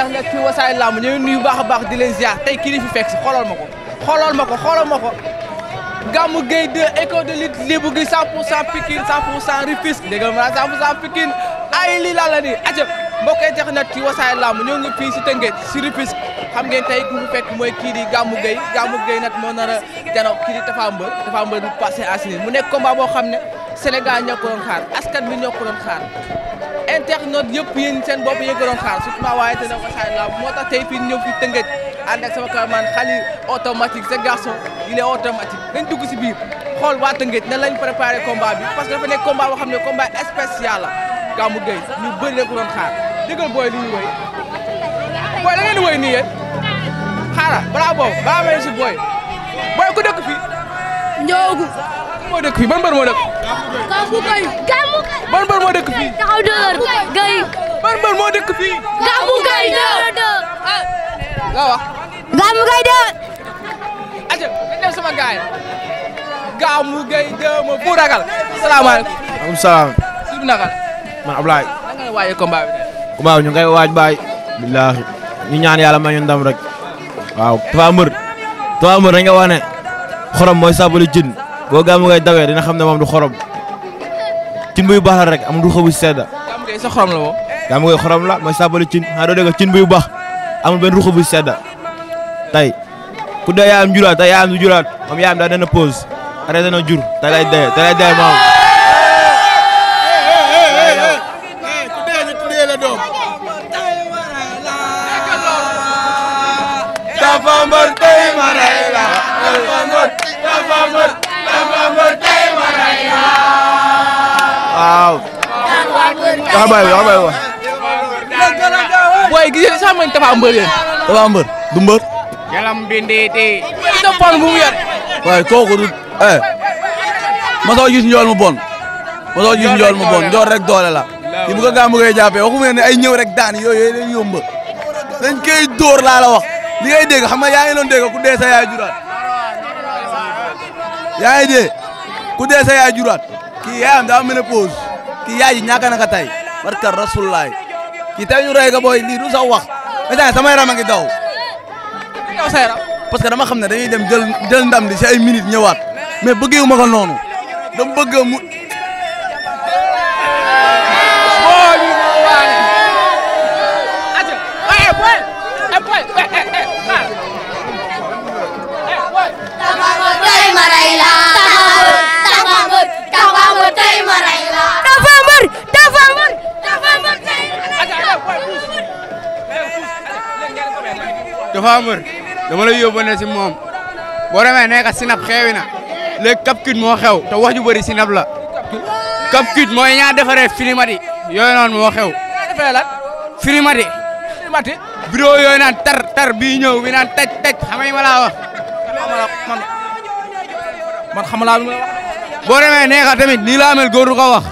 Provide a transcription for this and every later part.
Cheikh nekk fii Wassare Lamb ñu nuyu baax a baax di leen ziar tey kii li fi fekk si xoolal ma ko xoolal ma ko xoolal ma ko Gamou Gueye 2 école de lutte libre gi 100 pour 100 Pikine 100 pour 100 Rufisque dégg nga maanaam 100 pour 100 Pikine ay li laa la nii aca mbokk internet ci Wassare Lamb ñoo ngi fii si Tëngéej si Rufisque xam ngeen tey ku fi fekk mooy kii di Gamou Gueye Gamou Gueye nag moo nar a jano kii di Tapha Mbeur Tapha mu nekk combat boo xam ne Sénégal ñoo ko doon xaar askan bi ñoo ko internet yëpp yéen seen bopp yéen ko xaar surtout maa waaye te ne Wassare Lamb moo tax tey fii ñëw fi tëngëj ànd ak sama cameraman xali automatique ce garçon il est automatique dañ dugg si biir xool waa tëngëj nan lañ préparé combat bi parce que dafa nekk combat boo xam ne combat spécial la Gamou ñu bëri la ko doon xaar dëggal booy li ñuy woy booy la ngeen di woy nii yéen xaaral balaa boobu balaa may si booy ku dëkk fii ñëwagu moo dëkk fii ban mbër moo dëkk. Gamou Gueye. Gamou Gueye. ban mbër moo dëkk fii. taxaw dëgër Gueye. ban mbër moo dëkk ah. ma bu ragal. bi de. combat bi ñu ngay waaj baay. billaahi ñu ñaan yàlla may ñu ndam rek. waaw Tapha Mbeur. Tapha Mbeur dañ nga wax ne xorom mooy sabali jën. boo gàmm ngay dawee dina xam ne moom du xorom cin buy baax la rek amul du xobu sedda. gàmm ngay sa xorom la woo. gàmm ngay xorom la cin xanaa doo dégg cin buy baax amul benn ruxu bu sedda tey ku dee yaayam juraat tey yaayam du juraat moom yaayam daa dana pause arrêté na jur tey lay dee tey lay dee maam. dafa mbër tey ma rey la dafa waaw. waaw bay waaw bay waaw. booy gi yéen sax man dafa mbër yéen. dafa mbër du mbër. yalam bi ndeetee. sa pon bu mu yor. waaye kooku du eh. ma soo gis njool mu bon. ma soo gis njool mu bon njool rek doole la. ki bu ko gàmm ngay jàppee waxu ngeen ne ay ñëw rek daan yooyu yooyu dañ yomb dañ koy dóor laa la wax li ngay dégg xam nga yaa ngi doon dégg ku dee sa yaay juraat. yaa ngi ku dee sa yaay juraat kii yaayam daa ménopause kii yaay ji ñàkk na ko tey barka rasulaay kii tey ñu rey ko booy lii wax instant sama yaram a ngi daw. yow sa yaram. parce que dama xam ne dañuy dem jël jël ndam di si ay minutes ñëwaat mais bëggee wu ma ko noonu dama bëgg mu. dafa mbër dama lay yóbbu si moom boo demee nee nga Snap xewi na léegi Kapkid moo xew te wax ju bëri Snap la Kapkid mooy ñaa defaree filimati yooyu noonu moo xew. filimati. filimati. bidon yooyu naan tar tar bii ñëw bi naan taj taj xamay ma laa wax. man man xam laa boo demee nee nga nii laa mel góor du wax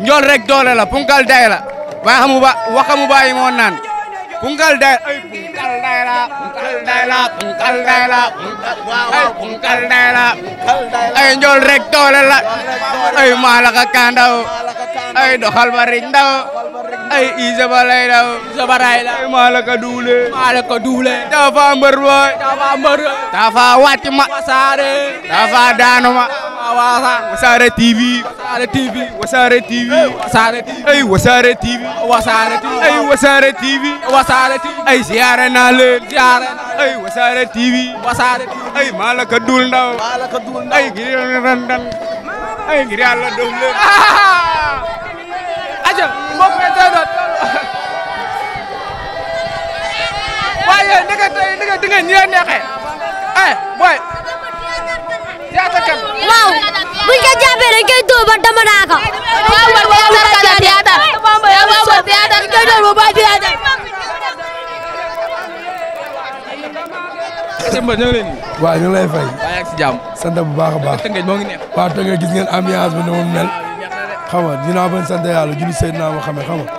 njool rek doole la punkal day la waaye xamu ba waxamu bàyyi moo naan punkal day dayla punkal dayla punkal dayla ay punkal dayla ay njool rek doole la ay maalaka kandaw ay doxal bari ndaw ay i sabalay daw sabaray la ay maa la ko duule maa la ko duule dafa mbër boy dafa mbër dafa wàcc ma wasaare dafa daanu ma wasaare TV wasaare TV wasaare TV wasaare TV ay wasaare TV wasaare TV ay wasaare TV wasaare TV ay ziyaare naa leen ziyaare ay wasaare TV wasaare TV ay maa la ko duul ndaw maa la ko duul ndaw ay ngir ran dan ay ngir yàlla doom leen ñi lay neexee eh booy. théâtre kan. waaw buñ ko jàppee dañ koy dóor ba dama naa ko. waaw waaw waaw dara jàpp théâtre. waaw waaw waaw théâtre dañ koy dóor ba bàyyi théâtre. sëñ Ba ñu ngi leen di. waaw ñu ngi lay fay. waaye ak si jàmm. sant bu baax a baax tënkee moo ngi nekk. waaw tënkee gis ngeen ambiance bi ni mu mel. xam nga dinaa bañ sant yàlla julli Seydina Muhammad xam nga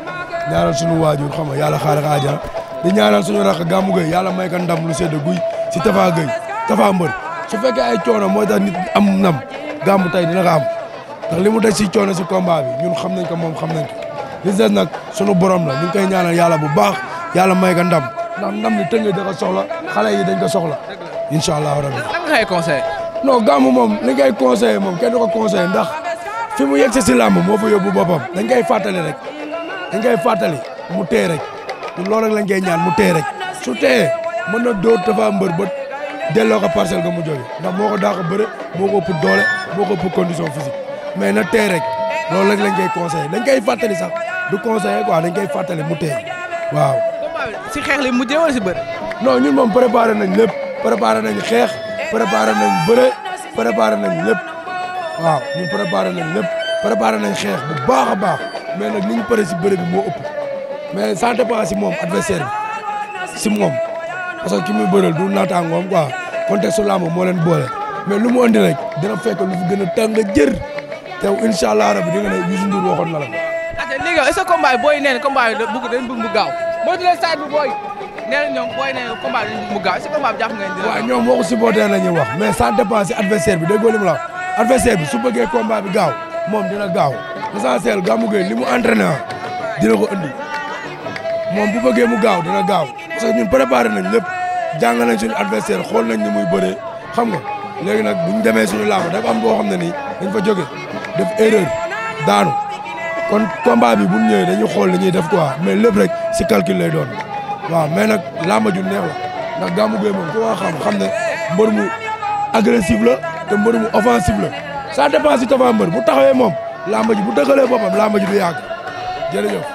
ñaanal sunu waajur xam nga yàlla xaaral aajara di ñaanal suñu rakk Gamou Gueye yàlla may ko lu sedd guy si Tafa Gueye Tafa mbër su fekkee ay coono mooy tax nit am nam Gamou tey dina ko am li mu daj si coono si combat bi ñun xam nañ ko moom xam nañ ko li des nag sunu borom la ñu ngi koy ñaanal yàlla bu baax yàlla may ko ndam ndax ndam li tëngee da ko soxla xale yi dañ ko soxla incha allahu rabi. lan nga koy conseillé. non Gamou moom li ngay conseillé moom kenn ko conseillé ndax fi mu yegg si si làmb moo fa yóbbu boppam dañ koy fàttali rek dañ koy fàttali mu tee rek. te loolu rek lañ koy ñaan mu téye rek su téye mën na dóor Tapha Mbeur ba delloo ko parcelle ga mu jóge ndax moo ko daa ko bëre moo ko ëpp doole moo ko ëpp condition physique mais na téye rek loolu rek lañ koy conseillé dañ koy fàttali sax du conseillé quoi dañ koy fàttali mu téye waaw. si xeex li mujjee wala si bëre. non ñun moom préparé nañ lépp préparé nañ xeex préparé nañ bëre préparé nañ lépp waaw ñun préparé nañ lépp préparé nañ xeex bu baax a baax mais nag li ñu pare si bëre bi moo mais ça dépend si moom adversaire bi si moom parce que ki muy bëreel du naataangoom quoi contexte làmb moo leen boole mais lu mu andi rek dina fekk lu fi gën a tàng jër te incha allah rabi di ne Youssou Ndour waxoon na la. ok léegi est booy neen nee na combat yi dañ bëgg mu gaaw boo jëlee saa bi booy nee na ñoom booy yi nee na gaaw est ce bi jàpp ngeen dina. waaw ñoom waxu supporter wax mais ça dépend si adversaire bi déggoo li mu la wax bi su bëggee combat bi gaaw moom dina gaaw l'essentiel Gamou Gueye li mu entraîné dina ko andi. moom bu bëggee mu gaaw dina gaaw parce que ñun préparé nañ lépp jàng nañ suñu xool nañ ni muy bëree xam nga léegi nag bu ñu demee suñu làmb dafa am boo xam ne nii dañ fa jóge def erreur kon combat bi bu ñu ñëwee dañuy xool li ñuy def quoi mais lépp rek si calcul lay doon waaw mais nag làmb ju neex la ndax Gamou Gueye moom ku ko xam xam ne mbër mu agressif la te mbër mu offensif la ça dépend si tafa mbër bu taxawee moom làmb ji bu dëgalee boppam làmb ji du yàgg jërëjëf.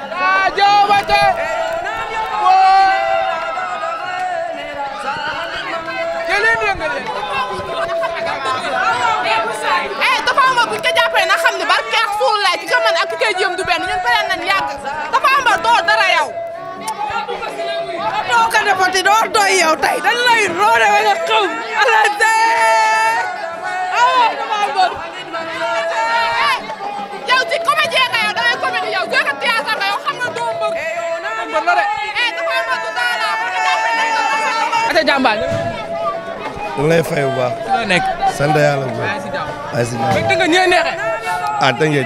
eh dafa am bu ñu ko jàppee na xam ne barke Rasulullah ki ko mën ak ki koy jéem du benn ñun beneen nañ yàgg dafa am ba doo dara yow. doo ko defati doo doy yow tey dañ lay roore ba nga xaw ala dee ah dafa am ba. Eh, yow ci comédien nga yow damay comédie yow gën a théâtre nga yow xam nga doo mbër. eh, eh dafa am ba du dara. ate jàmbaar ñu lay waa bu baax. la nekk sant yàlla bu baax. ay si jàmm ay ah, la neexee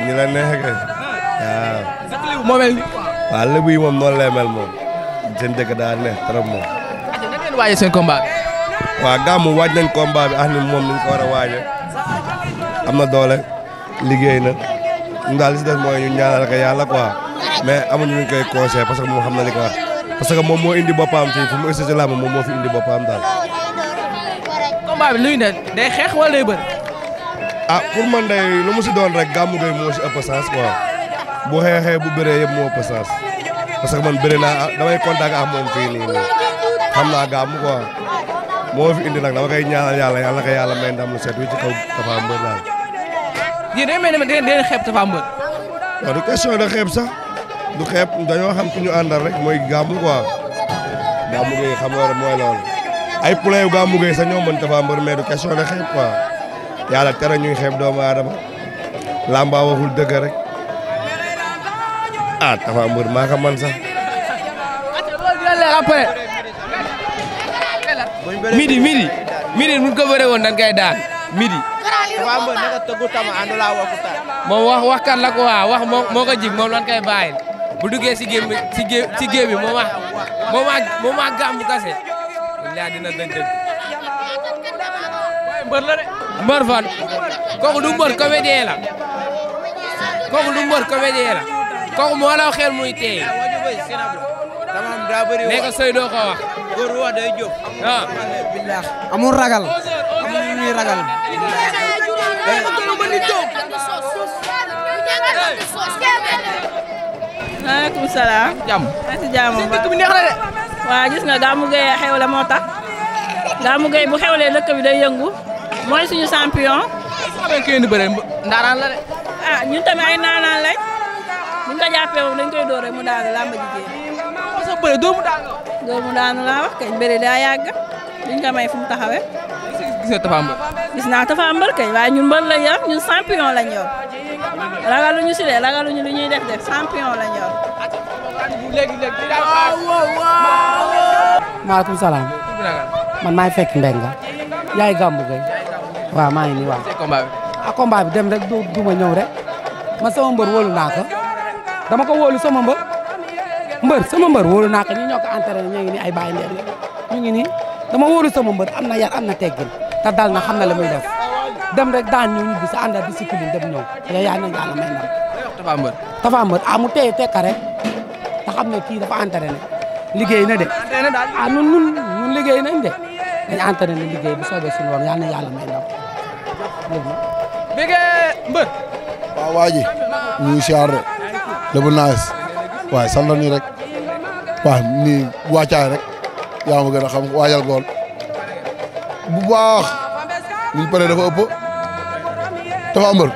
kay. waaw. lébu moo mel nii. waaw lébu yi moom noonu lay mel moom. seen dëkk daa neex trop moom. nañ ah, moom ni ñu ko war na doole liggéey na ñu daal li si des mooy ñu ñaanal ko yàlla quoi mais amuñu luñ koy que moom xam na li ko war parce que moom moo indi boppam fii fu mu moom moo indi boppam daal. combat bi luy ne day xeex wala ah, mu si doon rek Gamou Gueye moo si ëpp chance bu xeexee bu bëree yëpp moo ëpp chance parce que man bëri naa ah, damay contact ak moom fii nii xam naa Gamou quoi moo fi indi nag dama koy ñaanal yàlla yàlla na ko yàlla may ndam lu set wi ci kaw Tapha Mbeur daal. yéen day mel du question de xeeb sax du xeeb dañoo xam ku ñu àndal mooy Gamou quoi Gamou Gueye xam nga mooy loolu. ay poulain yu Gamou Gueye sax ñoo mën Tapha Mbeur mais du question de xeeb tere ñuy xeeb doomu aadama lamba waxul dëgg rek ah Tapha maa ko man midi midi midi buñ ko bëree woon daan midi. Tapha Mbeur naka tëggu tama ànd laa waxtaan. moom wax waxkat la ko waa wax moo moo lan koy bàyyil bu duggee si si géem si géem bi moom wax moom wax moom wax laa dina dëng dëng. waaye mbër la de. mbër fan kooku du mbër comédien la kooku du mbër comédien la xel muy teey. tamam daa bëri doo ko wax. góor wax day jóg. ah. billaahi ragal. amul lu ñuy ragal. maaleykum salaam. jàmm. maa ngi si jàmm bu baax. dëkk bi neex na de. waaw gis nga Gamou xew xewle moo tax Gamou Gueye bu xewlee dëkk bi day yëngu mooy suñu champion. xamee kenn du bëre ndaanaan la de. ah ñun tamit ay naanaan lañ buñ ko jàppee moom dañ koy door rek mu daanu làmb jigéen. waaw soo bëree doomu la. doomu daanu laa wax kañ bëri daa yàgg duñ ko may fu mu taxawee. gis nga Tapha Mbeur. gis naa Tapha Mbeur kay waaye ñun mbër lañ yor ñun champion lañ yor ragaluñu si de ragaluñu lu ñuy def def champion lañ yor. Ah, maaleykum salaam. man maay fekk Mbengue. yaay gàmmu gay waaw maa ngi nii waaw. ah combat bi dem rek du du ma ñëw rek. man sama mbër wóolu naa ko. dama ko wóolu sama mbër. mbër sama mbër wóolu naa ko ñi ñoo ko entraîné ñu ngi ay bàyyi ndéem ñu ngi nii dama wóolu sama mbër am na yar am na teggin. te dal na xam na la muy def. dem rek daan ñëw ñu bisa ànd ak discipline dem ñëw. te yaa ngi ne yàlla may ndam. Tapha Mbeur. Tapha Mbeur ah mu xam ne kii dafa entraîné liggéey na de. ah nun liggéey nañ de dañ entraîné liggéey bu si suñu woon na yàlla may ndam. bëggee mbër. waa ji ñu ngi siyaar de naas waaye sant nañu rek waa nii wàccaay rek yaa ma gën a xam waajal gool bu baax ñu pare dafa ëpp Tapha Mbeur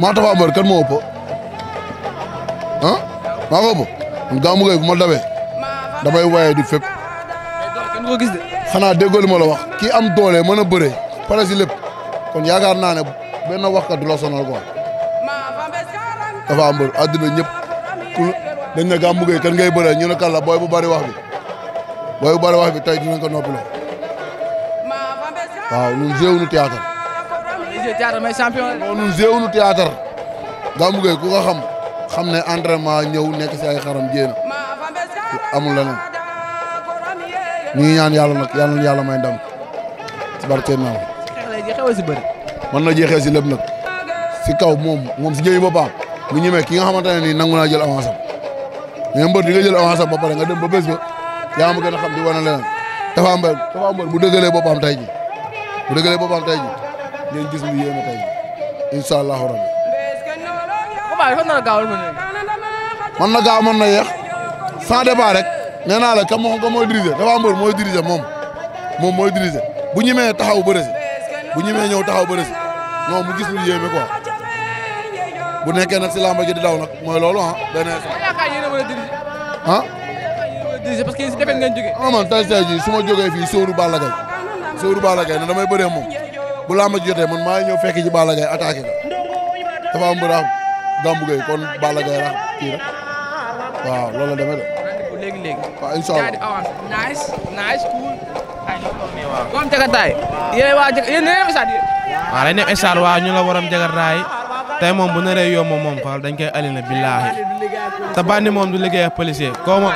maa Tapha Mbeur kan moo ëpp ah maa ko man Gamou Gueye bu ma dabee damay waaye di fépp. kenn ko gis de. xanaa déggoo ma la wax kii am doole mën a bëre pare si lépp kon yaakaar naa ne benn waxkat du la sonal quoi dafa am bëri àddina ñëpp ku dañ ne Gamou Gueye kan ngay bëree ñu la booy bu bari wax bi booy bu bari wax bi tey dinañ ko noppaloo waaw ñun jéewu nu théâtre. jéewu ku ko xam ne entraînement ñëw nekk si ay xaram jéem amul leneen ñu ngi ñaan yàlla nag yàlla na yàlla may ndam si barkeel naa mën na jeexee si lépp nag si kaw moom moom si jëmi boppam bu ñemee ki nga xamante ne nii nangu naa jël avance am mais mbër di nga jël avance am ba pare nga dem ba bés ba yaa ma a xam di wane leneen dafa mbër dafa mbër bu dëggalee boppam tey ji bu dëggalee boppam tey ji ngeen gis lu yéeme tey ji combat bi fan la gaaw mën na gaaw mën na yéex sans débat rek nee naa la ka moom ka mooy diriger dafa mbër mooy diriger moom moom mooy diriger bu ñemee taxaw bëre si bu ñemee ñëw taxaw bëre si non mu gis lu yéeme ko bu nekkee na si làmba ji di daw nag mooy loolu ah benn ah. parce que si defet ngeen jógee. ah man tey tey jii su ma jógee fii Sóoru Balla Gaye Sóoru Balla Gaye ne damay bëree moom bu làmba ji jotee man maa ngi ñëw fekk ji Balla Gaye attaqué ko dafa am Gambu Gueye kon Balla Gaye rax kii rek waaw loolu la de. léegi léegi. waaw incha allah avance jagataay. yéen waa jag yéen ñëwee stade waaw ñu la waram jagataay tey moom bu naree yomb moom xool dañ koy alina billaahi te bandi moom du liggéey ak policier koo moom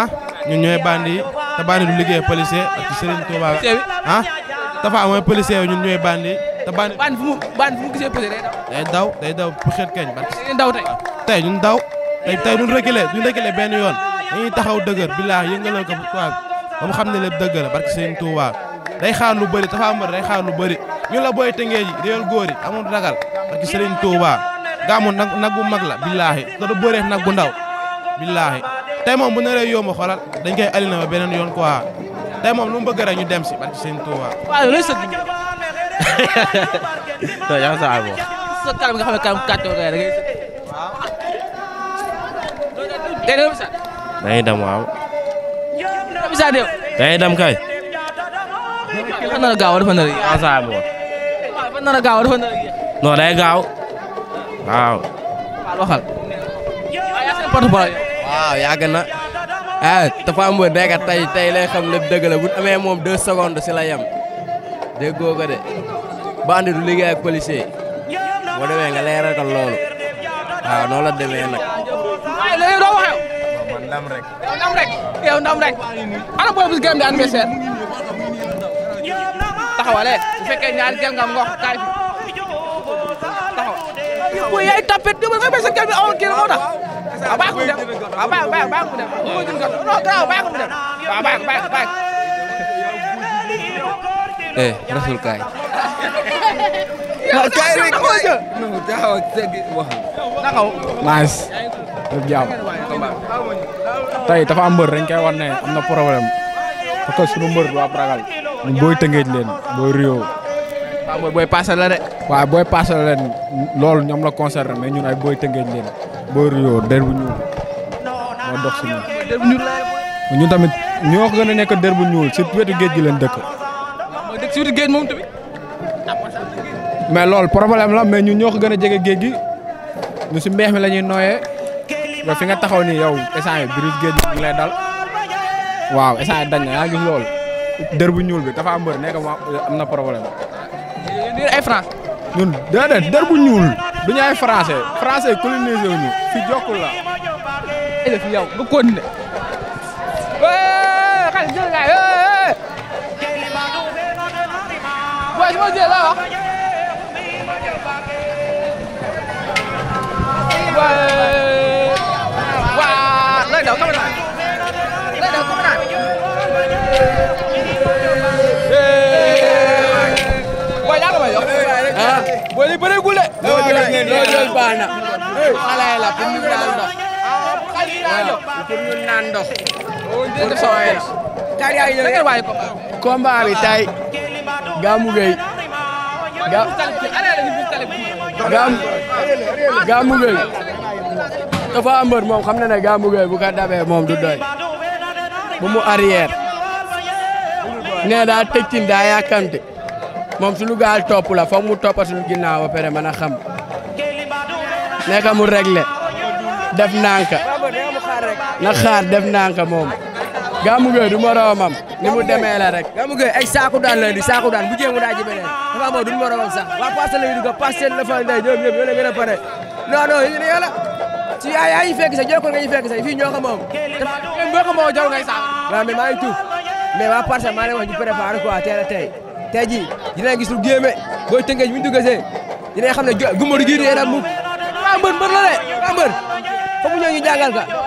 ah ñun bandi yi bandi du liggéey ak policier ak ci Serigne Touba ah Tafa mooy policier ñun ñooy bandi bandi. bandi bandi fu mu gisee policier day daw day daw xeet kañ. daw tey tey ñun daw. tey tey duñ reculer duñ reculer benn yoon dañuy taxaw dëgër bilaa yëngalal ko waaw ba mu xam ne lépp dëgg la barke Serigne Touba day xaar lu bëri Tapha Mbeur day xaar lu bëri ñu la booy tëngee ji réel góor yi amul ragal barke Serigne Touba gaamu nag nag bu mag la billaahi te du bëree nag bu ndaw billaahi tey moom bu naree yomb xoolal dañ koy alina ba beneen yoon quoi tey moom lu mu bëgg rek ñu dem si barke Serigne Touba. waaw loolu sëñ bi. sot kanam nga xam ne kanam kàcce da ngay dañuy dem waaw. dañuy dem kay. dafa nar a gaaw dafa nar a yéex. dafa nar a gaaw dafa nar a yéex. non day gaaw waaw. waaw na. ah Tapha Mbeur la bu amee moom deux secondes si la yem déggoo ko de bandi du liggéey ak boo demee nga leeral ko loolu waaw noonu la demee nag. waaye léegi doo waxee. man ndam rek. rek ana booy bis di anniversaire. taxawalee bu fekkee ñaari jël nga ngox kaay fi taxaw. booy yaay tapet yow man fay sa gëm bi awoon kii moo tax. waaw bàyyi mu dem waaw bàyyi bàyyi bàyyi ko mu eh rasul kaay. waaw kaay rek tey dafa am mbër dañ koy wan ne am na problème parce que sunu mbër du ab ragal. booy tëngeej leen booy Rio. waaw mooy booy paase la booy paase la loolu ñoom la concerné mais ñun ay booy tëngeej leen booy Rio der bu ñuul moo dox si ñun. ñun tamit ñoo ko gën nekk der bu ñuul si wetu géej gi leen dëkk. dëkk si géej moom tamit. mais loolu problème la mais ñu ñoo ko gën a jege géej gi ñu si mbeex mi la ñuy nooyee yow fi nga taxaw nii yow instant yii biir géej gi lay dal waaw instant yii dañ yaa gis loolu. dër bu ñuul bi dafa am mbër nekk am na problème. yéen ay France. ñun déedéet dër bu ñuul. du ñu ay français français colonisé fi jokkul la. yow nga continué. xale jël naa waaye li ma jël laa wax waa lay daw caméra lay daw caméra booy ñaata may jox ah booy li bëri gule loo jël baax na xale la pour ñu naan ndox waaw pour ñu naan ndox pour sooy la Gamou Gueye ga Gamou Gueye am mbër moom xam na ne Gamou Gueye bu ko dabee moom du doy bu mu arrière nee daa tëccin daa yàkkamte moom suñu gaal topp la mu toppa suñu ginnaaw ba pare mën a xam nekka mu réglé def nanka na xaar def nanka moom Gamou Gueye du moroomam ni mu demee la rek Gamou Gueye ay saaku daan la di saaku daan bu moo du moroomam sax waa Parcelles la ñu dugg Parcelles la fa day ñoom ñëpp ñoo la gën a pare non non yi ne yàlla ci yaa yaa ñu fekk nga ñu fekk moom boo ko moom jaw ngay sax waaw mais waa Parcelles maa leen wax ñu préparé quoi teel a tey tey jii dinañ gis lu géeme booy tënkee na mu waa mbër mbër la de waa mbër fa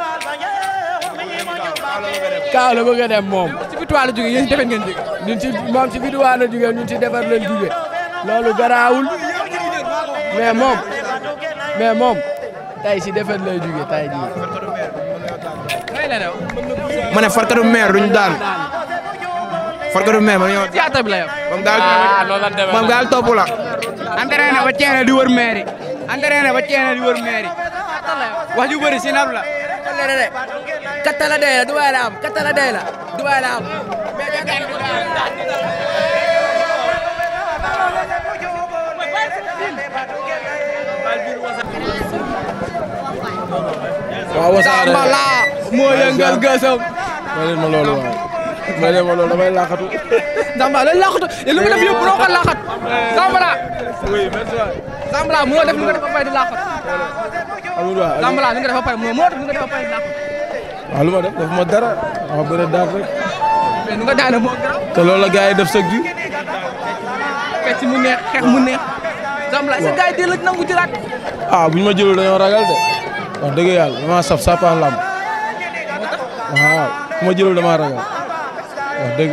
kaaw la bëgg a dem moom. ci victoire la jógee yéen defet ngeen jógee. ñun ci moom ci victoire la jógee ñun ci defar loolu garaawul mais moom mais moom tay si defet lay jógee tay jii. ma ne farkatu meer duñ daan. farkatu meer ma ñëw. jaata moom daal ah, moom daal topp la. ba ceene di wër meer yi. entraîné ba ceene di wër la. katala day la Dubaay la am katala day la Dubaay la am. waaw wasaare la moo yëngal gësam. ma leen ma loolu waaw ma leen ma loolu damay laaxatu. Zambala dañ laaxatu li mu def yëpp bu doon ko laaxat Zambala. oui merci Zambala munoo def lu nga def ba pare di laaxat. Zambala li nga def ba pare munoo moo def lu nga def ba pare di laaxat. waaw lu ma def daf ma dara dama bëre daal rek. mais nu nga daane loolu la gars yi def sëg ji. fecc mu neex xeex mu neex. sam sa gars yi delloo nangu jëlaat. ah bu ñu ma jëlul dañoo ragal de dëgg yàlla damaa saf sapaan lamb. waaw ah, bu ma jëlul damaa ragal wax dëgg.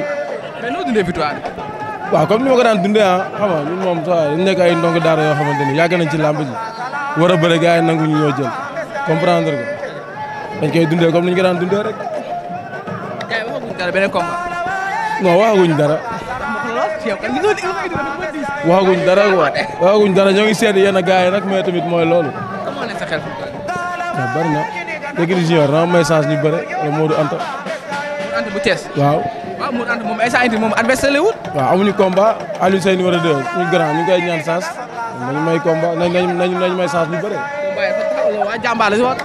mais noo dundee victoire waaw comme ni ma ko daan dundee ah xam nga ñun moom sax dañ nekk ay ndongo daara yoo xamante ji war a bëre yi nangu ñu ñoo jël comprendre nga. dañ koy dundee comme ni ñu ko daan dundee rek. gars yi waxaguñ dara beneen combat. non waxaguñ dara. waxaguñ dara ñoo ngi seet yenn gars yi nag mais tamit mooy loolu. comment ne sa xel fu ah, na may chance ñu bëre wala Anta. Anta bu Thiès. waaw. waaw ah, Modou Anta moom instant yii moom adversaire la wut. waaw amuñu combat Aliou Seye numéro 2 ñu grand ñu ngi koy ñaan nañu may combat nañu nañu may chance ñu bëre. waaye si waat.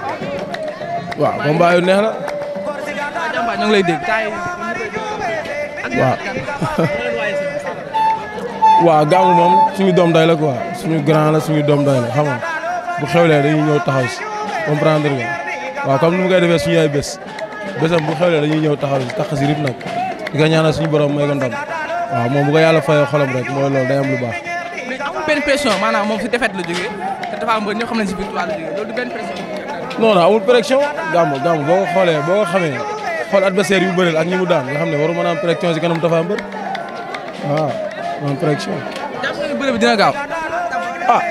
waaw combat yu neex la waaw ñu ngi lay moom suñu doom day la quoi suñu grand la suñu doom day la xam nga bu xewlee dañu ñëw taxaw si comprendre waa waaw comme mu koy defee suñu ay bés bésam bu xewlee dañuy ñëw taxaw si tax si rib nag di ko ñaanal suñu borom may ko ndam waaw moom bu ko yàlla fayoo xolam rek mooy loolu day lu baax. mais amul benn pression maanaam moom si défaite la jógee te dafa am ñoo xam ne si victoire la jógee loolu du benn pression. non non amul pression Gamou Gamou boo xoolee boo ko xamee xool adversaire yu bëreel ak ñi mu daan nga xam ne waru mën a am pression si kanam Tapha Mbeur waaw man pression. jàpp nga ah,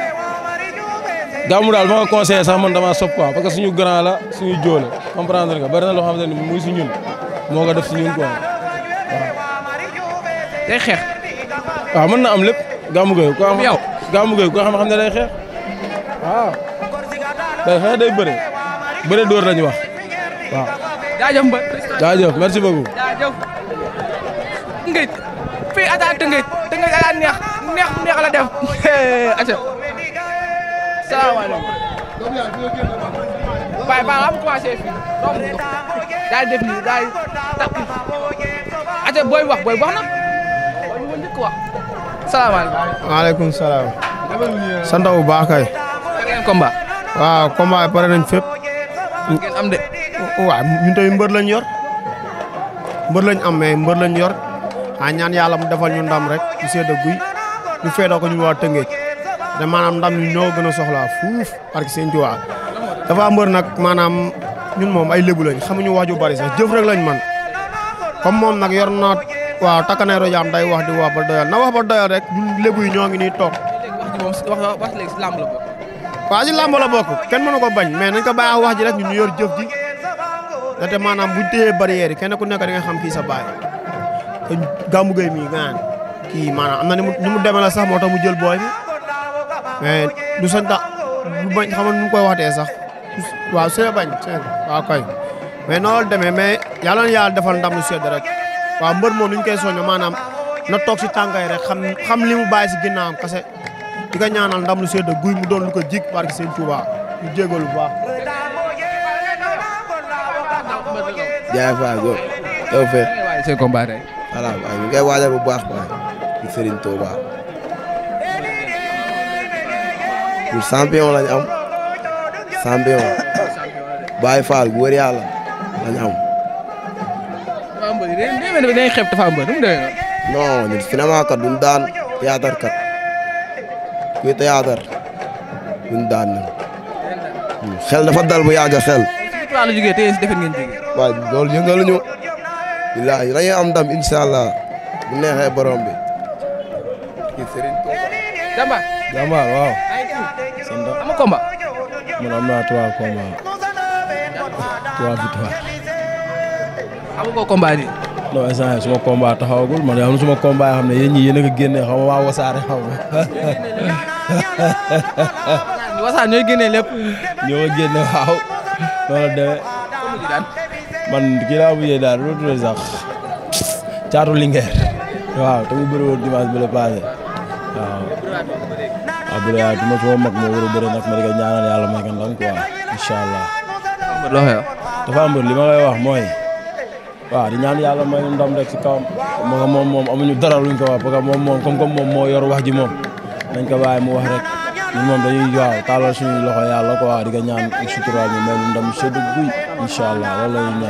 daal ma nga conseillé sax man damaa sopp quoi parce que suñu grand la suñu jóole comprendre nga bari na loo xam ne muy si ñun moo ko def si ñun quoi waaw. day xeex. waaw ah, mën na am lépp. Gamou Gueye ku am yow xam xam ne day xeex waaw ah. day xeex day bëre. bëre dóor lañu wax waaw. jaajëf Mbër. jaajëf merci beaucoup. jaajëf. Tëngéej fii ataa neex neex neex la def. acca salaamaaleykum. waaye ba am commencé fii doomu ko daay def nii daay takk acca booy wax booy wax na booy njëkk wax salaamaaleykum. salaam. sant bu baax kay. combat. waaw pare nañ fépp. ngeen am de. waaw ñun mbër lañ yor mbër lañ am mbër lañ yor a ah, ñaan yàlla mu defal ñu ndam rek ñu seet a guy ñu feedoo ko ñu waa Tëngéej te maanaam ndam ñu ñoo gën a soxlaa fuuf parce que seen jiwaa dafa mbër nag maanaam ñun moom ay lébu lañ xamuñu wax ju bari sax jëf rek lañ man comme moom nag yor na waaw takkanay rojaam day wax di wax ba doyal na wax ba doyal rek ñun lébu yi ñoo ngi nii toog. wax waa ci làmb la bokk kenn mënu ko bañ mais nañ ko baax wax ji rek ñu jëf ji ndaxte maanaam buñ téyee barrière yi kenn ku nekk di nga xam kii sa baay te Gamou Gueye mii gaan kii maanaam am na ni mu demee la sax moo tax mu jël booy bi mais du sañ tax du bañ xam nu mu ko waxtee sax waaw seen bañ seen waaw kay mais noonu demee mais yàlla na yàlla defal ndam lu sedd rek waaw mbër moom ni ñu koy soññoo maanaam na toog si tànk xam xam li mu bàyyi si ginnaawam kese. di ko ñaanal ndam lu sedd guy mu doon lu ko jik barke seen Touba ñu jégalu bu baax. jaay faa góor taw fee. waaye seen combat tey. voilà baax quoi. di Serigne Touba. pour champion lañ am. champion. Baye Fall bu wër yàlla lañ am. waaw mbër yi day day nu mu demee noonu. non ñun finalement with yaadar ñun daan nañu xel dafa dal bu yàgg xel. waaw loolu yëngaluñu. billaahi dañuy am ndam incha allah bu neexee borom bi. kii Serigne Touba. Jambar. Jambar waaw. sant am na combat. man am naa trois combats. trois victoires. amu ko combat bi. non instant suma combat taxawagul man yaa am suma combat yoo xam ne yéen ñii yéen a ko xaw ma waa wasaare xaw wasaare ñooy génnee lépp. ñoo génne waaw man kii laa mujjee daal loolu tuddee sax waaw te mu bëri woon dimanche bi waaw. waaw bu dee duma sama moo war a bëri nag ma di ko ñaanal yàlla may ko ndam quoi incha allah. dafa am li ma koy wax mooy. waaw di ñaan yàlla may ndam rek si kawam. ma nga moom moom amuñu dara luñ ko wax parce que moom yor wax ji dañ ko bàyyi mu wax rek ñun moom dañuy waaw taalal suñu loxo yàlla ko waaw di ko ñaan sutural ñu mel ndam sedd guy incha allah loolu la ñuy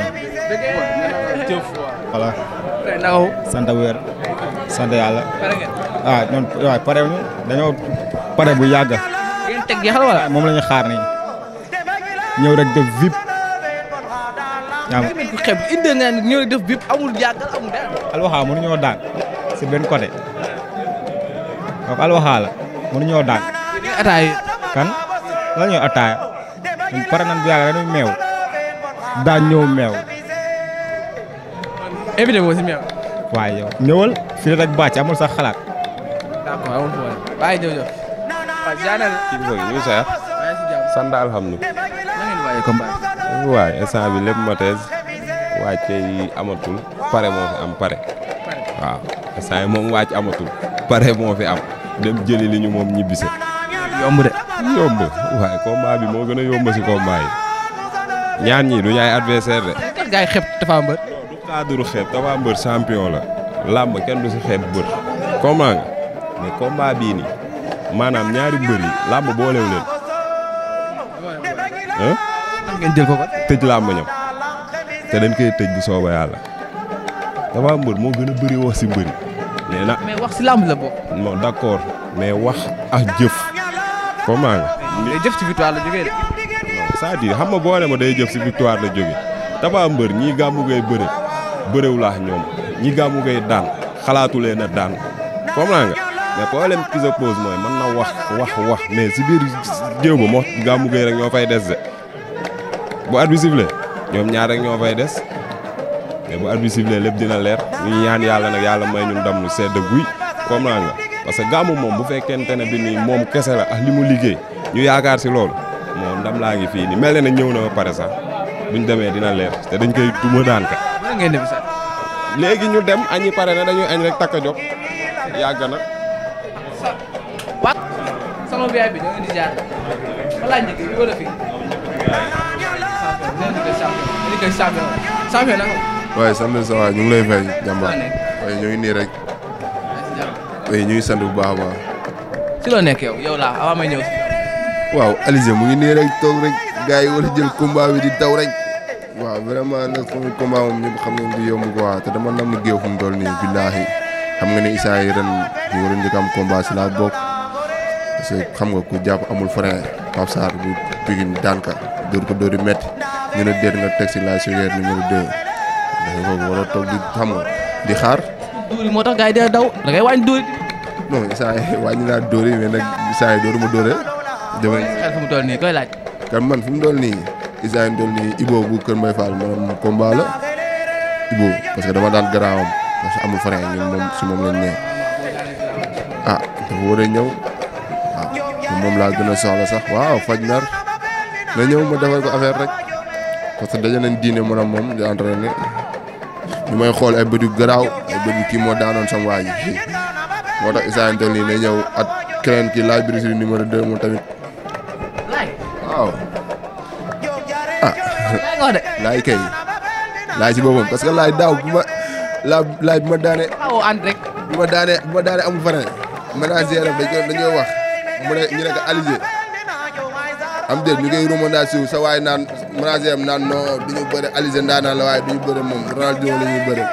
ñaan. Ah, pare ñu dañoo pare bu yàgg. Ah, moom la xaar nii. ñëw rek def vip. yaa ngi ko indi nga ñëw def vip amul yàggal amul dara. alwaxa mënuñoo daan si benn côté. kooku alwaxaa la mënuñoo daan. ataay kan la ñuy ataaya bu yàgg dañuy meew daan ñëw meew. éviter boobu si meew. waaye yow ñëwal si rek bàcc amul sax xalaat. d'accord amul problème waay instant bi lépp motees wàcce yi amatul pare moo am pare. waaw instant moom wàcc amatul. pare moo fi am dem jëli moom ñibbise yomb de yomb waaye combat bi moo gën a yomb si combat yi ñaar ñii du ñu ay adversaire de. tax gars yi la. kenn du si xeeb bër. combat nga mais combat ñaari mbër yi làmb boolewu leen. ah. jël ko ko. tëj làmb ñam te dañ koy tëj bu sooba yàlla. Tapha Mbeur moo gën a bëri wax si mbër mais na mais wax si lamb la bokk. moo d' accord mais wax ak jëf. comment nga. jëf si victoire la jógee xam nga boo ne ma day jëf si victoire la jógee taba Mbeur ñii gàmmu ngay bëre bërewulaax ñoom ñi gàmmu ngay daan xalaatu leen a daan comment nga mais problème qui se pose mooy na wax wax wax mais si biir géew ba moo gàmmu ngay rek ñoo fay des de bu at bi siflee ñoom ñaar rek ñoo fay des. te bu arbitre sifflé lépp dina leer ñu ñaan yàlla nag yàlla may ñu ndam lu sedd guy comprendre nga parce que gàmmu moom bu fekkente ne bi nii moom kese la ak mu liggéey ñu yaakaar si loolu moom ndam laa ngi fii ni mel na ñëw na ba pare sax bu buñ demee dina leer te dañ koy duma daan ka léegi ñu dem añi pare na dañuy añ rek takk a jóg yàgg na. sama biyaay bi da ngeen di jaar balaa njëkk yi ko defee. champion champion champion waaye sant sa ñu ngi lay fay jàmbaar waaye ñu ngi nii rek. waaye ñu ngi sant bu baax a baax. ci loo nekk yow yow laa avant may ñëw si. waaw Alizé mu ngi nii rek toog rek gars yi wala jël combat bi di taw rek. waaw vraiment nag sama combat moom ñëpp xam nañ di yomb quoi te dama nam géew fu mu nii billaahi xam nga ne Issa yi ren ñu waroon njëkk am combat si laa bokk parce que xam nga ku jàpp amul frein Pape Sarr bu Pikine daan ka dóor ko dóor yu métti ñu ne déet dafa war a toog di xam di xaar. duur yi moo tax gars yi day daw da ngay wàññi duur yi. non saa yi wàññi naa dóor yi mais nag saa yi dooruma dóoree. dama nii kan man fu mu toll nii Isa yi toll nii Ibo bu Kër Mbaye Fall maanaam combat la Ibo parce que dama daan garaawam parce que amul frein moom si moom lañ ne ah dafa war a ñëw ah, moom laa gën a soxla sax waaw faj nar na ñëw ma defal ko affaire rek parce que daje nañ diine mu ne moom di entraîné. ñu may xool ay bët yu ay bët kii moo daanoon sama waa ji moo tax Issa Tall nii day ñëw at keneen ki laaj bi si numéro 2 moom tamit waaw ah. kay laay si boppam parce que laay daaw bu ma laaj laay ma daanee. waaw ànd rek. bu ma daanee bu ma daanee amul wax ñu ne ko Alizé. am déet ñu koy remontage sa waay naan manager naan non du ñu bëre Alizé ndaanaan la waaye du ñu bëre moom Ronaldinho la ñuy bëre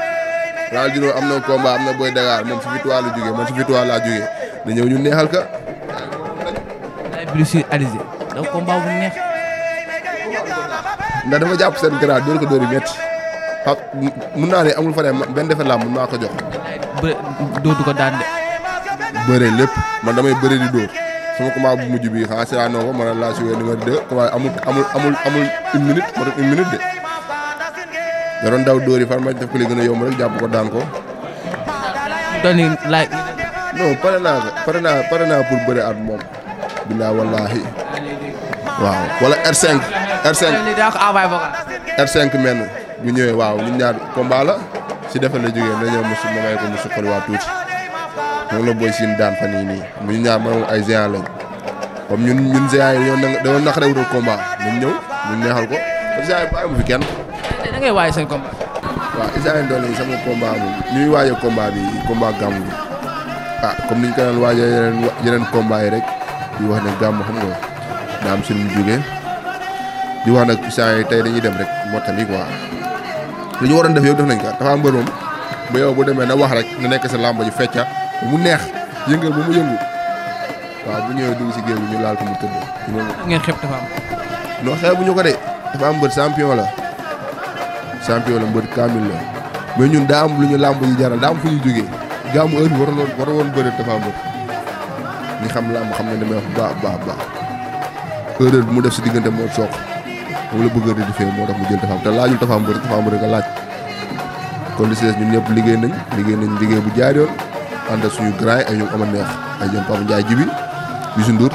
Ronaldinho am na combat am na Boy Dakar moom si victoire la jógee man si victoire laa jógee ñu neexal ka ndax dama jàpp seen grand dóor ko dóor yi métti ah mun naa ne amul fa benn defet mun maa ko jox. bë dootu ko daan de. bëre lépp man damay bëre di dóor. sama combat bu mujj bi xanaa seetaanoo ko ma ne laa suwee numéro 2 combat amul amul amul amul une minute ma def une minute de. da doon daw dóor yi fan ma def ko li gën a yomb rek jàpp ko daan ko. doni laaj. non pare naa pare naa pare naa pour bëre at moom. bilaa wallaahi. waaw wala er 5 R5 R5 menn bu ñëwee waaw ñun ñaar combat la si defal la jógee na ñëw mu su ma may ko mu suqali waa moom la Boy Sine daan fan yii nii muy ñaar moom ay géant lañ comme ñun ñun géant yi dañoo dañoo naqaree wutal combat ñun ñëw ñun neexal ko te géant yi bàyyi mu fi kenn. da ngay waaye seen combat. waaw Israël doole yi sama combat moom ni muy waajee bi combat gàmmu bi ah comme ni ñu ko daan waajee yeneen kombaa yi rek di wax ne gàmmu xam nga daa am suñu jógee di wax nag saa yi tey dañuy dem rek mottali quoi li ñu waroon def yow def nañ ko dafa am mbër moom bu yow bu demee na wax rek na nekk sa làmba ji fecca mu neex yëngal ba mu yëngu waaw bu ñëwee dugg si géew bi ñu laal ko mu tëdd. ngeen xeeb dafa am. non xeebu ñu ko de dafa am mbër champion la champion la mbër kaamil la mais ñun daa am lu ñu làmb yi jaral daa am fu ñu jógee gàmmu heure bi waroon waroon woon bëre dafa am mbër ñi xam làmb xam ne damay wax baax baax baax erreur bi mu def si diggante moo soog moom la bëgg a di fee moo tax mu jël dafa am te laajul dafa am mbër dafa am mbër nga laaj kon li si des ñëpp liggéey nañ liggéey nañ liggéey bu jaar ànd ak suñu grand ay ñoom ama neex ay ñoom Papa Ndiaye Djibi Youssou Ndour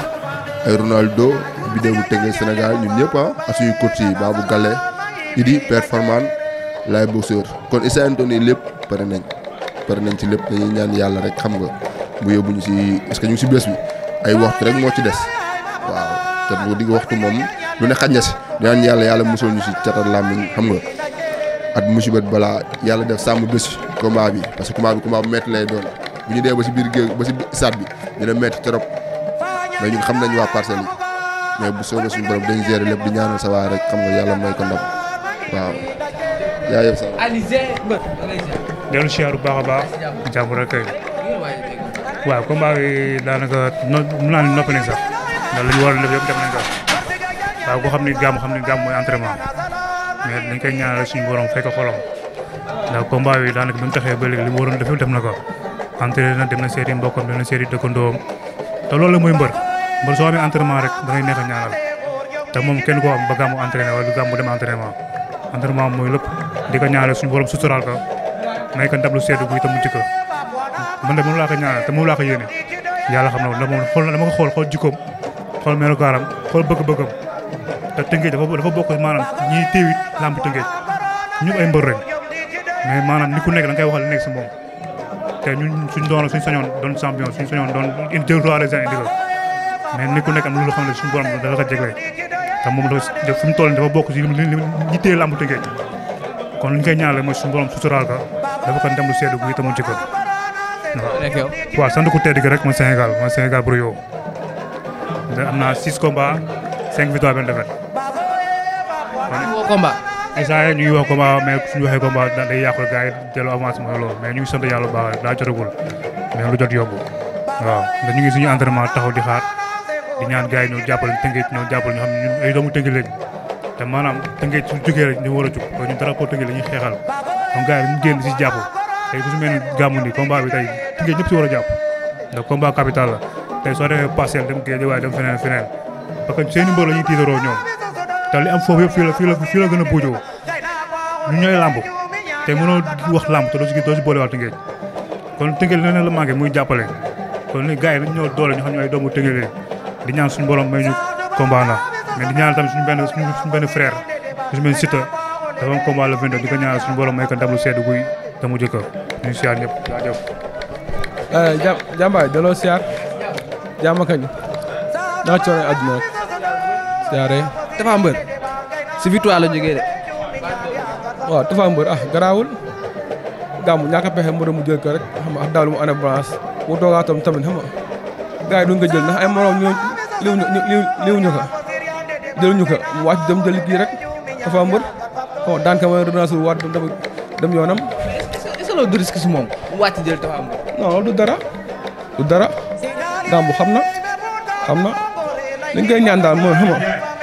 ay Ronaldo bi déglu tege Sénégal ñun ñëpp ah ak suñu coach yi Babou Galle Idi performance lay boxeur kon Issa Anthony lépp pare nañ pare nañ ci lépp dañuy ñaan yàlla rek xam nga mu yóbbu ñu si parce ñu si bés bi ay waxtu rek moo ci des waaw te bu digg waxtu moom lu ne xaj na si ñaan yàlla yàlla musal ñu si catar làmmiñ xam nga at musibat balaa yàlla def sàmm bés combat bi parce que combat bi combat bu ñu dee ba si biir géej ba si stade bi dina metti trop mais ñun xam nañ waa parcelle yi mais bu soobee suñu borom dañ gérer lépp di ñaanal sa waa rek xam nga yàlla may ko ndam waaw. jaajëf Sall. dellu si bu baax a baax. jàmm daanaka no mun naa ne noppi nañ sax ndax li ñu waroon def yëpp def nañ ko waaw boo xam ni gàmm xam ni gàmm mooy entraînement mais dañ koy ñaanal suñu borom fekk xolam ndax combat bi daanaka bi mu taxee ba léegi li mu waroon def yëpp def na ko. entraîné na dem na seeti mbokkam dem na seeti dëkkandoom te loolu la muy mbër mbër soo amee entraînement rek da ngay neex a ñaanal te moom kenn koo am ba gàmmu entraîné wala du gàmmu dem entraînement entraînement mooy lépp di ko ñaanal suñu borom suturaal ko may ko ndab lu sedd guy te mu jikko man de moom laa ko ñaanal te moom laa ko yéene yàlla moom xool na dama ko xool xool jikkoom xool melokaanam xool bëgg-bëggam te tëngeej dafa bokk maanaam ñiy téewit te ñun suñ doon suñ suñ sañoon doon une deux trois les années ku nekk am lu nga xam ne suñu borom dafa ko jégle te moom dafa fi mu toll dafa bokk si li téye lamb tëggee kon li ñu koy ñaanale mooy suñu borom suturaal ko dafa ko dem lu seddu gu itamoon ci kër waaw. ku tedd gi rek mooy Sénégal mooy Sénégal am naa six combats cinq victoires benn défaite. instant ñu wax combat mais suñu waxee combat da day yàqul gars yi teel avance mooy loolu mais ñu ngi sant yàlla bu baax daa jotagul mais lu jot yomb waaw ndax ñu ngi suñu entraînement taxaw di xaar di ñaan gars yi ñoo jàppale tënkee ñoo jàppale ñu xam ne ñun ay doomu tënkee ñu a jug parce que ñun drapeau xeexal kon gars ñu génn si jàpp tey ku su mel ni gàmmu ni bi tey tënkee ñëpp si war a jàpp ndax combat capital la tey soo defee parcelle dem géej waaye dem feneen feneen parce que seen te li am foofu yëpp fii la fii la fii la gën a buujoo ñu ñooy làmb te mënoo wax làmb te doo si gis doo si boolewaat Tëngéej kon Tëngéej leneen la manqué muy jàppale kon ni gars yi dañu ñoo doole ñu xam ñu ay doomu Tëngéej di ñaan suñu borom may ñu combat na mais di ñaan tamit suñu benn suñu benn frère suñu benn Siteu dafa am combat le 22 di ko ñaan suñu borom may ko ndam lu sedd guy te mu jëkka ñu siyaar ñëpp jaajëf eh, jàmbaay daloo siyaar jàmm kañ naa Tapha Mbeur si victoire la jógee de. waaw Tapha Mbeur ah garaawul gàmmu ñàkk a pexe mu mu jël ko rek xam nga daal mu ana branche bu toogaatam tamit xam nga gars yi duñ ko jël ndax ay morom ñoo liw ñu liw ñu ko jëluñu ko mu wàcc dem jëli rek Tapha Mbeur bon daan ka ma redonance wu dem dem yoonam. est-ce que loolu du risque si moom. wàcc jël Tapha Mbeur. du dara du dara gàmmu xam na xam na liñ koy ñaan daal mooy xam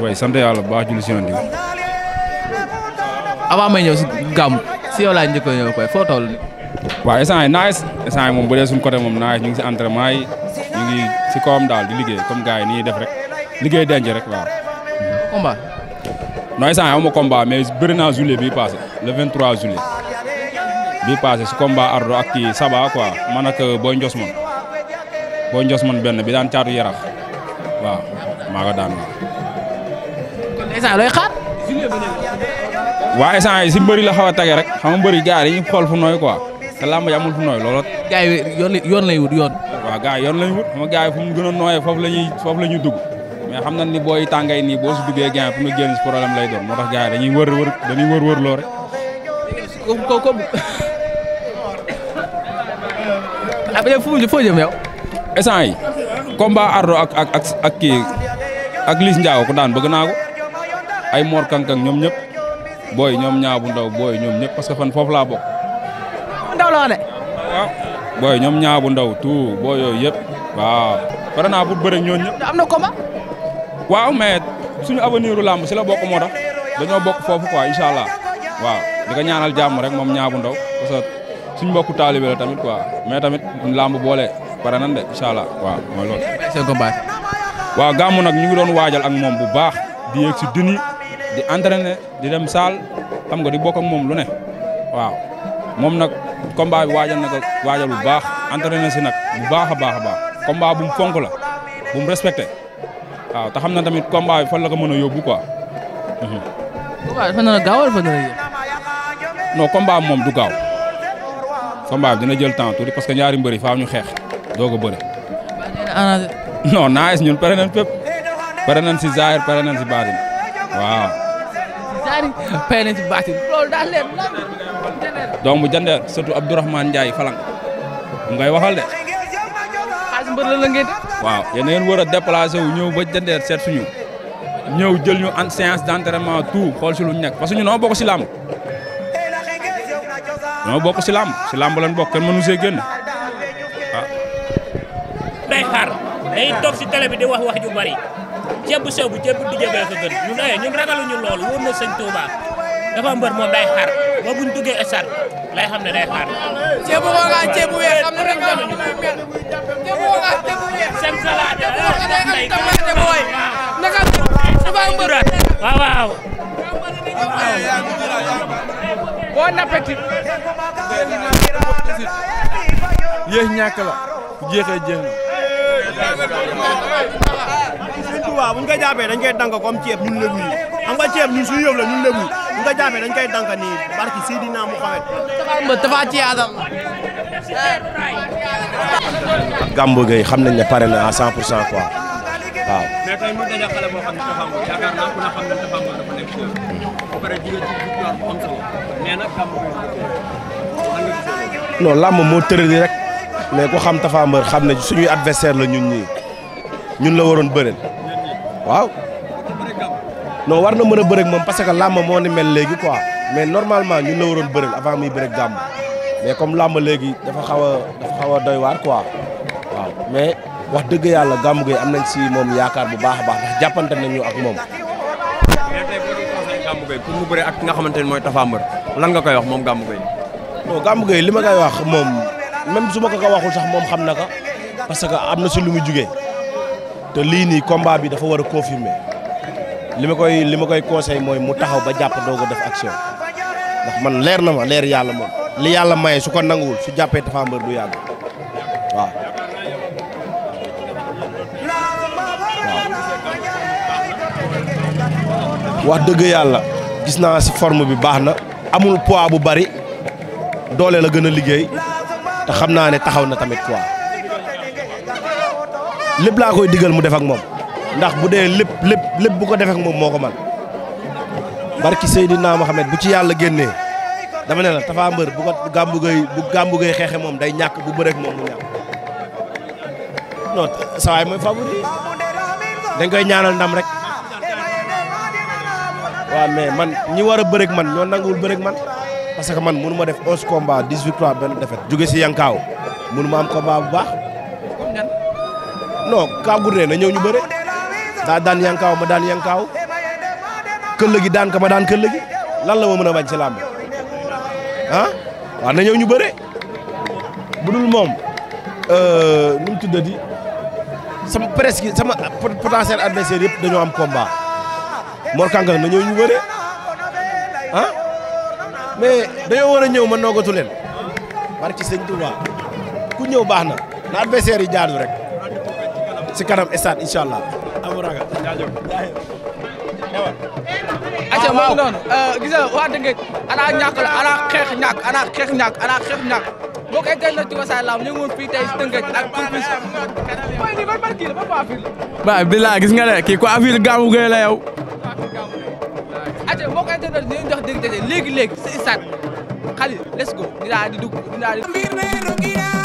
way sant yàlla bu baax julli si yonent bi. avant may ñëw si gàmm si yow laa njëkkoon ñëw koy foo toll nii. waaw instant yii naaj instant yii moom bu dee suñu côté moom naaj ñu ngi si entraînement yi ñu ngi si kawam daal di liggéey comme gars yi ni def rek liggéey denc rek waaw. combat. non instant yii amuma combat mais bëri naa juillet bii passé le 23 juillet bii passé si combat Ardo ak kii Saba quoi man ak euh, Boy Ndios man Boy benn bi daan caatu yarax waaw maa ko instant looy xaar. waa instant si mbëri la xaw a rek xam nga mbëri gars yi ñu xool fu nooy quoi te làmb ji amul fu nooy loolu. gars yoon yoon lay wut yoon. waaw gars yi yoon lay wut xam nga fu mu gën a foofu la ñuy foofu la ñuy dugg mais xam na ni booy tàngay nii boo si duggee gars yi fu mu génn si problème lay doon moo tax gars yi dañuy wër wër dañuy wër wër loo rek. ko ko ah ba léegi foo jëm yow. instant yi combat Ardo ak ak ak kii ak Liss Ndiago ko daan bëgg ay Mor Kankang ñoom ñëpp booy ñoom ñaa ndaw booy ñoom ñëpp parce fan foofu laa bokk. la ne. waaw ah. booy ñoom ñaa bu ndaw tout booy yooy yëpp waa pare naa pour bëre ñooñu ñëpp. am na comment. waaw mais suñu avenir u làmb si la bokk moo dañoo bokk foofu quoi incha allah waaw di ko ñaanal jàmm rek moom ñaa bu ndaw parce que suñu mbokku tamit quoi mais tamit làmb boole pare nan de allah waaw mooy loolu. seen combat. waaw gàmmu nag waajal ak moom bu di yegg si di entraîner di dem saal xam nga di bokk ak moom lu ne waaw moom nag combat bi waajal na ko waajal bu baax entraîner si nag bu baax a baax a baax combat bu mu fonk la bu mu respecté waaw te xam na tamit combat bi fan la ko mën a yóbbu quoi. a gaaw wala dafa nar a yéex non moom du gaaw combat dina jël temps tuuti parce que ñaari mbëri faaw ñu xeex doog a bëri. non naa ñun pare nañ fépp pare nañ si Zahir pare nañ si Badine waaw. pay nañ ci baatin loolu daal leen doomu jandeer surtout Abdourahmane Ndiaye falang mu ngay waxal de. xaalis mbër la ngeen waaw yéen ngeen war a déplacé wu ñëw ba jandeer seet suñu ñëw jël ñu en séance d' entraînement tout xool si lu ñu nekk parce noo bokk si làmb noo bokk si làmb si làmb lañ bokk kenn mënu see génn waaw. day xaar si télé di wax wax ju bari. ceeb bu sew bu ceeb bu dijjee bee ko gën ñun ay eh, ñun ragaluñu loolu wóor na sëñ Touba dafa mbër moom day xaar ba buñ duggee stade lay xam ne day xaar. ceeb bu woo laa ceeb bu weex xam ne rek nga xam ne mooy mel. ceeb bu woo laa ceeb bu weex. seen salade eh, la la la lay gën a waaw waaw waaw. naka dafa mbër. waaw waaw. bon appétit. yéex ñàkk la jeexee jeex na. waaw bu ñu koy jàppee dañ koy dank comme ceeb ñun lébu yi xam nga ceeb ñun suñu yëf la ñun lébu yi bu ñu koy jàppee dañ koy dank nii barki Seydina Muhammad dafa ci aadal Gambo Gueye xam nañ ne pare na à 100 pour cent quoi waaw. mais tey mu daja xale boo xam ne Tapha Mbeur yaakaar naa ku ne xam ne Tapha Mbeur dafa nekk fii ba pare jóge ci victoire bu am solo mais nag Gambo Gueye non làmb moo tërali rek mais ku xam Tapha Mbeur xam ne suñuy adversaire la ñun ñii ñun la waroon bëreel. waaw. non war na mën a bëreeg moom parce que làmb moo ni mel léegi quoi mais normalement ñun la waroon avant muy bëreeg gàmm mais comme làmba léegi dafa xaw a xaw a doy waar quoi waaw mais wax dëgg yàlla gàmm gi am nañ si moom yaakaar bu baax a baax ndax jàppante nañu ak moom. mais tey boo doon ak ki nga xamante ne mooy Tapha Mbeur lan nga koy wax moom gàmm gi. non gàmm gi li ma koy wax moom même su ma ko ko sax moom xam na ko parce que am na si lu mu jugee. te lii nii combat bi dafa war a confirmer li ma koy li ma koy conseil mooy mu taxaw ba jàpp doog a def action ndax man leer na ma leer yàlla moom li yàlla maye su ko nanguwul su jàppee Tapha bu du yàgg waaw. wax dëgg yàlla gis naa si forme bi baax na amul poids bu bari doole la gën a liggéey te xam naa ne taxaw na tamit quoi. lépp laa koy digal mu def ak moom ndax bu dee lépp lépp lépp bu ko def moom moo ko man barki Seydina Mohamed bu ci yàlla génnee dama ne la Tapha bu ko gàmbu bu gàmbu gay xeexe moom day ñàkk bu bërëk moom mu ñàkk non sa fa mooy favori dañ koy ñaanal ndam rek waa mais man ñi war a bëreek man ñoo nanguwul bëreek man parce que man mënu ma def 11 combats 10 victoires benn défaite jóge si yankaaw mënu ma am combat bu baax non Kaw Gourdin na ñëw ñu bëre daa daan yankaaw ma daan yankaaw këll gi daan ka ma daan këll gi lan la ma mën a bañ ci làmb ah waaw na ñëw ñu bëre bu dul moom euh, nu mu tuddati sama presque sama potentiel adversaire yëpp dañoo am combat Mor Kànga na ñëw ñu bëre ah? mais dañoo war a ñëw ma noogatu leen barki sëñ Touba ñëw baax na na adversaire yi jaadu rek. si kanam stade incha allah. amuraga jaajëf acca waaw noonu euh, waa Tëngéej ana ñàkk ana xeex ñàkk ana xeex ñàkk ana xeex ñàkk boo koy gëj ci Wassare Lamb ñu ngi woon fii tey si Tëngéej ak Pulpus mooy gis nga ne kii ko affaire gaamu gëy la yow acca boo koy gëj la ñu jox dégg daje léegi léegi si stade xali let's go dinaa di dugg dinaa di